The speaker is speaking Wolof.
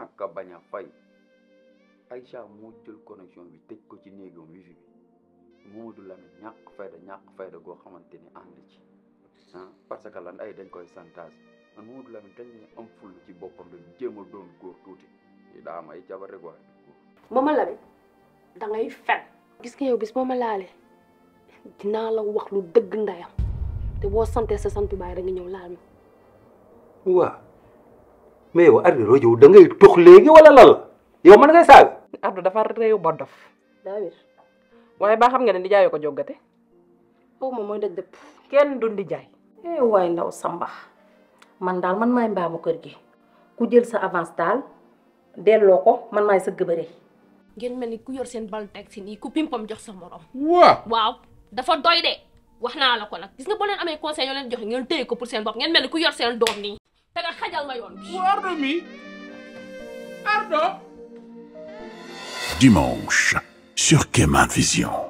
ñàkk a bañ a fay Aïcha moo jël connexion bi tëj ko ci néegam wifi bi Mamadou Lamine ñàkk fayda ñàkk fayda goo xamante ni ànd ci ah, parce que lan ay dañ koy santage man Mamadou Lamine dañ ne am ful ci boppam rek jéem a doon tuuti daa am ay jabar rek waaye Mama Lamine da ngay fen gis nga yow bis boo ma laalee dinaa la wax lu dëgg ndayam te boo santee sa sant baay rek ñëw laal ma waaw mais yow Ardo loo jëw da ngay tux legi wala lal yow man ngay sal Ardo dafa réew ba dof. dawir way ba xam nga ni jaay ko jogate foofu mo moy daj dëpp. kenn du jaay eh way ndaw Samba man dal man may mbamu keur gi ku jël sa avance dal, delloo ko man may sëgg sen ngeen melni ku yor sen bal taxi si nii ku pimpam jox sa morom. waaw waaw dafa doy de waxna la ko nak gis nga bo len amé conseil yo len jox ngeen teyiko pour sen bop ngeen melni ku yor sen dom ni te nag xajal ma yoon bi. Ardo mi Ardo. Dimanche sur Kéma Vision.